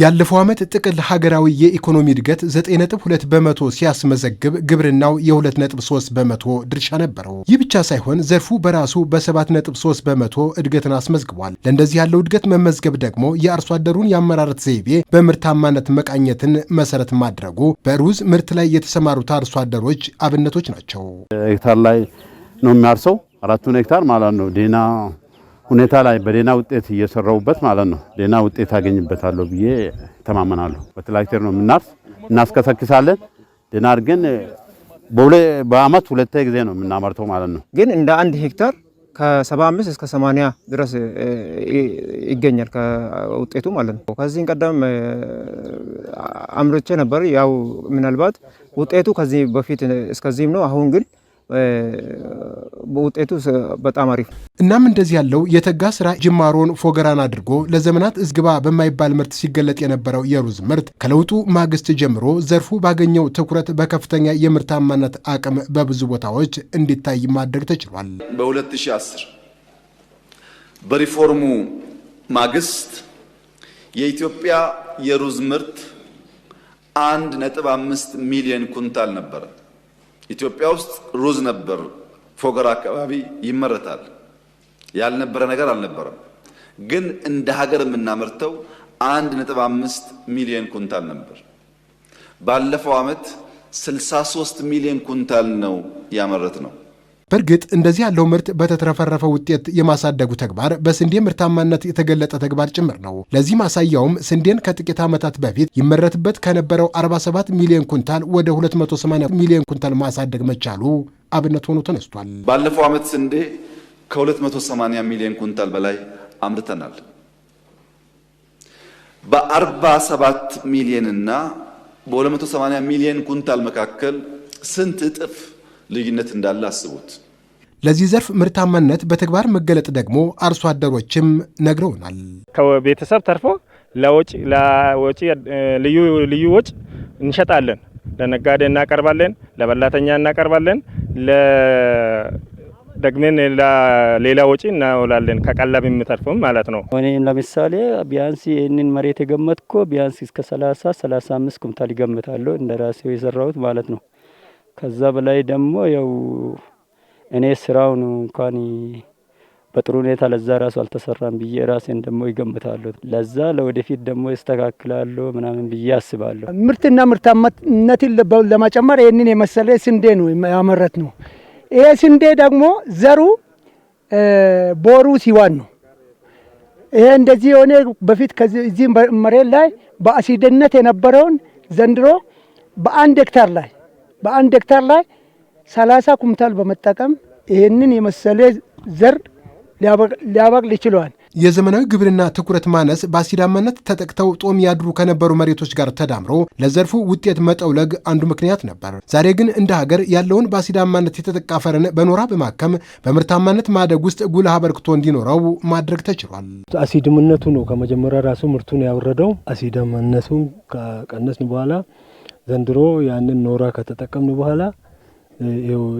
ያለፈው ዓመት ጥቅል ሀገራዊ የኢኮኖሚ እድገት 9.2 በመቶ ሲያስመዘግብ ግብርናው የ2.3 በመቶ ድርሻ ነበረው። ይህ ብቻ ሳይሆን ዘርፉ በራሱ በ7.3 በመቶ እድገትን አስመዝግቧል። ለእንደዚህ ያለው እድገት መመዝገብ ደግሞ የአርሶ አደሩን የአመራረት ዘይቤ በምርታማነት መቃኘትን መሰረት ማድረጉ በሩዝ ምርት ላይ የተሰማሩት አርሶ አደሮች አብነቶች ናቸው። ሄክታር ላይ ነው የሚያርሰው አራቱን ሄክታር ማለት ነው ዴና ሁኔታ ላይ በዴና ውጤት እየሰራውበት ማለት ነው። ዴና ውጤት አገኝበታለሁ ብዬ ተማመናለሁ። በትላክቴር ነው የምናርስ፣ እናስከሰክሳለን። ዴና አድርገን በአመት ሁለቴ ጊዜ ነው የምናመርተው ማለት ነው። ግን እንደ አንድ ሄክታር ከ75 እስከ 80 ድረስ ይገኛል ከውጤቱ ማለት ነው። ከዚህ ቀደም አምርቼ ነበር። ያው ምናልባት ውጤቱ ከዚህ በፊት እስከዚህም ነው። አሁን ግን ውጤቱ በጣም አሪፍ። እናም እንደዚህ ያለው የተጋ ስራ ጅማሮን ፎገራን አድርጎ ለዘመናት እዝግባ በማይባል ምርት ሲገለጥ የነበረው የሩዝ ምርት ከለውጡ ማግስት ጀምሮ ዘርፉ ባገኘው ትኩረት በከፍተኛ የምርታማነት አቅም በብዙ ቦታዎች እንዲታይ ማድረግ ተችሏል። በ2010 በሪፎርሙ ማግስት የኢትዮጵያ የሩዝ ምርት አንድ ነጥብ አምስት ሚሊዮን ኩንታል ነበረ። ኢትዮጵያ ውስጥ ሩዝ ነበር፣ ፎገራ አካባቢ ይመረታል። ያልነበረ ነገር አልነበረም። ግን እንደ ሀገር የምናመርተው አንድ ነጥብ አምስት ሚሊዮን ኩንታል ነበር። ባለፈው ዓመት 63 ሚሊዮን ኩንታል ነው ያመረት ነው። በእርግጥ እንደዚህ ያለው ምርት በተትረፈረፈ ውጤት የማሳደጉ ተግባር በስንዴ ምርታማነት የተገለጠ ተግባር ጭምር ነው። ለዚህ ማሳያውም ስንዴን ከጥቂት ዓመታት በፊት ይመረትበት ከነበረው 47 ሚሊዮን ኩንታል ወደ 280 ሚሊዮን ኩንታል ማሳደግ መቻሉ አብነት ሆኖ ተነስቷል። ባለፈው ዓመት ስንዴ ከ280 ሚሊዮን ኩንታል በላይ አምርተናል። በ47 ሚሊዮንና በ280 ሚሊዮን ኩንታል መካከል ስንት እጥፍ ልዩነት እንዳለ አስቡት። ለዚህ ዘርፍ ምርታማነት በተግባር መገለጥ ደግሞ አርሶ አደሮችም ነግረውናል። ከቤተሰብ ተርፎ ለወጪ ልዩ ልዩ ወጪ እንሸጣለን፣ ለነጋዴ እናቀርባለን፣ ለበላተኛ እናቀርባለን፣ ደግሜን ለሌላ ወጪ እናውላለን። ከቀላብ የምተርፉም ማለት ነው። እኔም ለምሳሌ ቢያንስ ይህንን መሬት የገመትኮ ቢያንስ እስከ 30 35 ኩንታል ይገምታለሁ እንደ ራሴው የሰራሁት ማለት ነው። ከዛ በላይ ደግሞ ያው እኔ ስራው ነው እንኳን በጥሩ ሁኔታ ለዛ ራሱ አልተሰራም ብዬ ራሴን ደግሞ ይገምታለሁ። ለዛ ለወደፊት ደግሞ ይስተካክላሉ ምናምን ብዬ አስባለሁ። ምርትና ምርታማነትን ለመጨመር ይህንን የመሰለ ስንዴ ነው ያመረት ነው። ይሄ ስንዴ ደግሞ ዘሩ ቦሩ ሲዋን ነው። ይሄ እንደዚህ የሆነ በፊት ከዚህ መሬት ላይ በአሲድነት የነበረውን ዘንድሮ በአንድ ሄክታር ላይ በአንድ ሄክታር ላይ ሰላሳ ኩምታል በመጠቀም ይህንን የመሰለ ዘር ሊያበቅል ይችለዋል። የዘመናዊ ግብርና ትኩረት ማነስ በአሲዳማነት ተጠቅተው ጦም ያድሩ ከነበሩ መሬቶች ጋር ተዳምሮ ለዘርፉ ውጤት መጠውለግ አንዱ ምክንያት ነበር። ዛሬ ግን እንደ ሀገር ያለውን በአሲዳማነት የተጠቃ አፈርን በኖራ በማከም በምርታማነት ማደግ ውስጥ ጉልህ አበርክቶ እንዲኖረው ማድረግ ተችሏል። አሲድምነቱ ነው ከመጀመሪያ ራሱ ምርቱን ያወረደው። አሲዳማነቱን ከቀነስን በኋላ ዘንድሮ ያንን ኖራ ከተጠቀምን በኋላ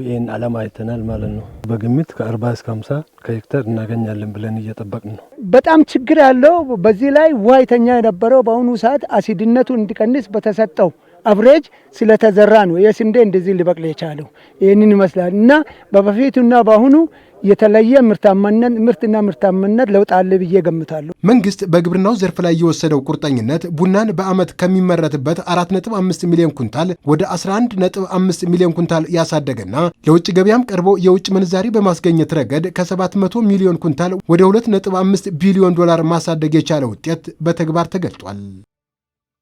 ይህን አላማ አይተናል ማለት ነው። በግምት ከአርባ እስከ ሀምሳ ከሄክተር እናገኛለን ብለን እየጠበቅን ነው። በጣም ችግር ያለው በዚህ ላይ ውሃ የነበረው በአሁኑ ሰዓት አሲድነቱ እንዲቀንስ በተሰጠው አብሬጅ ስለተዘራ ነው የስንዴ እንደዚህ ሊበቅል የቻለው ይህንን ይመስላል። እና በበፊቱና በአሁኑ የተለየ ምርታማነት ምርትና ምርታማነት ለውጥ አለ ብዬ ገምታለሁ። መንግስት በግብርናው ዘርፍ ላይ የወሰደው ቁርጠኝነት ቡናን በዓመት ከሚመረትበት 4.5 ሚሊዮን ኩንታል ወደ 11.5 ሚሊዮን ኩንታል ያሳደገና ለውጭ ገበያም ቀርቦ የውጭ ምንዛሪ በማስገኘት ረገድ ከ700 ሚሊዮን ኩንታል ወደ 2.5 ቢሊዮን ዶላር ማሳደግ የቻለ ውጤት በተግባር ተገልጧል።